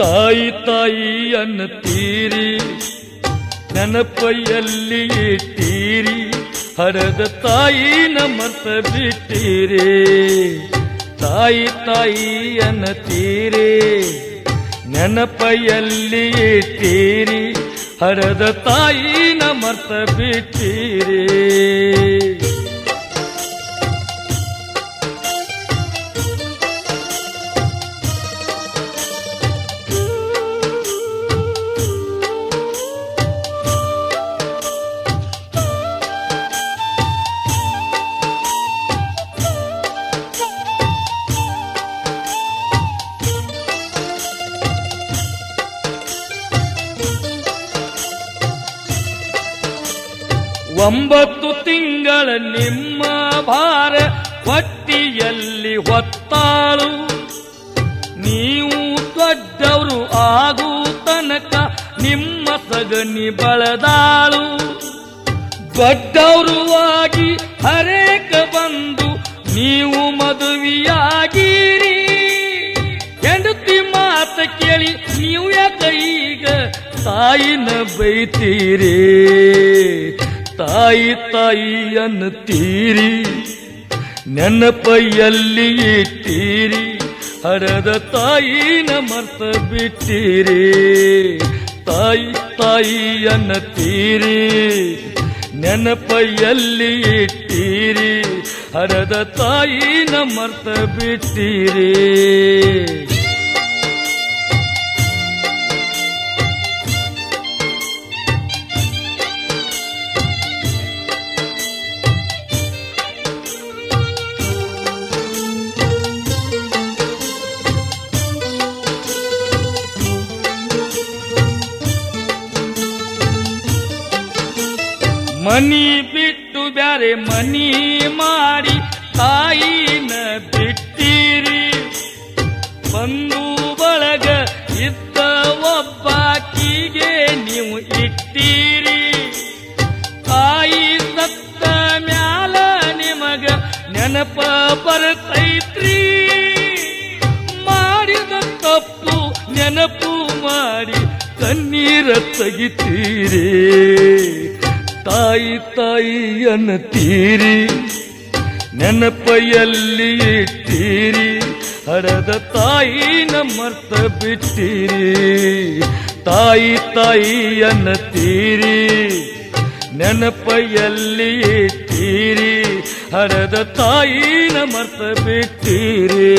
ತಾಯಿ ತಾಯಿ ಅನ್ನತೀರಿ ನೆನಪೈಯಲ್ಲಿ ಇಟ್ಟೀರಿ ಹರದ ತಾಯಿ ಮರ್ತ ಬಿಟ್ಟೀರಿ ತಾಯಿ ತಾಯಿ ಅನ್ನತೀರಿ ನೆನಪೈಯಲ್ಲಿ ಇಟ್ಟೀರಿ ಹರದ ತಾಯಿ ಮರ್ತ ಬಿಟ್ಟೀರಿ ಒಂಬತ್ತು ತಿಂಗಳ ನಿಮ್ಮ ಭಾರ ಪಟ್ಟಿಯಲ್ಲಿ ಹೊತ್ತಾಳು ನೀವು ದೊಡ್ಡವರು ಆಗೂ ತನಕ ನಿಮ್ಮ ಸಗಣಿ ಬಳದಾಳು ದೊಡ್ಡವರು ಆಗಿ ಹರೇಕ ಬಂದು ನೀವು ಮದುವೆಯಾಗಿರಿ ಹೆಂಡತಿ ಮಾತ ಕೇಳಿ ನೀವು ಯಾಕೆ ಈಗ ತಾಯಿನ ಬೈತೀರಿ ತಾಯಿ ತಾಯಿಯನ್ನು ತೀರಿ ನೆನಪೈಯಲ್ಲಿ ಇಟ್ಟೀರಿ ಹರದ ತಾಯಿನ ಮರ್ತ ಬಿಟ್ಟಿರಿ ತಾಯಿ ತಾಯಿಯನ್ನು ತೀರಿ ಪೈಯಲ್ಲಿ ಇಟ್ಟೀರಿ ಹರದ ತಾಯಿನ ಮರ್ತ ಬಿಟ್ಟಿರಿ ಮನಿ ಬಿಟ್ಟು ಬ್ಯಾರೆ ಮನಿ ಮಾಡಿ ತಾಯಿನ ಬಿಟ್ಟಿರಿ ಬಂದು ಬಳಗ ಇದ್ದ ಒಬ್ಬಾಕಿಗೆ ನೀವು ಇಟ್ಟಿರಿ ತಾಯಿ ಸತ್ತ ಮ್ಯಾಲ ನಿಮಗ ನೆನಪ ಬರ್ತೈತ್ರಿ ಮಾಡಿದ ತಪ್ಪು ನೆನಪು ಮಾಡಿ ಕಣ್ಣೀರ ತೆಗಿತೀರಿ ತಾಯಿ ತಾಯಿಯನ್ನು ತೀರಿ ನೆನಪೆಯಲ್ಲಿ ಇಟ್ಟೀರಿ ಹರದ ತಾಯಿ ನಮ್ಮರ್ಥ ಬಿಟ್ಟಿರಿ ತಾಯಿ ತಾಯಿಯನ್ನು ತೀರಿ ನೆನಪೆಯಲ್ಲಿ ಇಟ್ಟೀರಿ ಹರದ ತಾಯಿ ನಮ್ಮರ್ಥ ಬಿಟ್ಟಿರಿ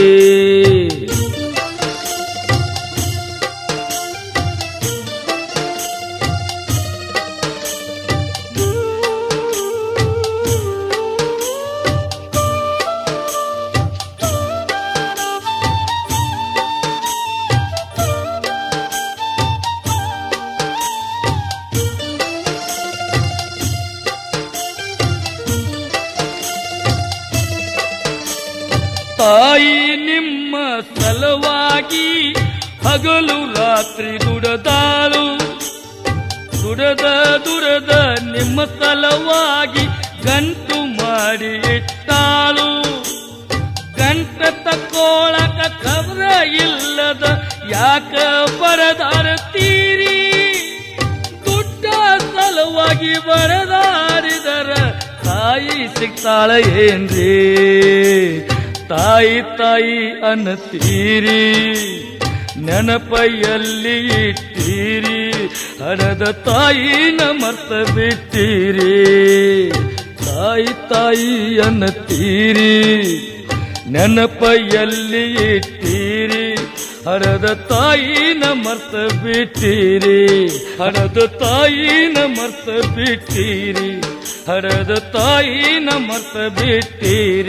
ತಾಯಿ ನಿಮ್ಮ ಸಲವಾಗಿ ಹಗಲು ರಾತ್ರಿ ದುಡದಾಳು ದುಡದ ದುರದ ನಿಮ್ಮ ಸಲವಾಗಿ ಗಂಟು ಮಾಡಿ ಇಟ್ಟಾಳು ಗಂಟ ತಕ್ಕೋಳಕ ಕವರ ಇಲ್ಲದ ಯಾಕ ಬರದಾರತೀರಿ ದುಡ್ಡ ಸಲುವಾಗಿ ಬರದಾರಿದರ ತಾಯಿ ಸಿಗ್ತಾಳ ಏನ್ರೀ ತಾಯಿ ತಾಯಿ ಅನ್ನತೀರಿ ನೆನಪೈಯಲ್ಲಿ ಇಟ್ಟೀರಿ ಹರದ ತಾಯಿ ನಮರ್ತ ಬಿಟ್ಟಿರಿ ತಾಯಿ ತಾಯಿ ಅನ್ನತೀರಿ ನೆನಪೈಯಲ್ಲಿ ಇಟ್ಟೀರಿ ಹರದ ತಾಯಿನ ಮರ್ತ ಬಿಟ್ಟಿರಿ ಹರದ ತಾಯಿನ ಮರ್ತ ಬಿಟ್ಟಿರಿ ಹರದ ತಾಯಿನ ಮರ್ತ ಬಿಟ್ಟಿರಿ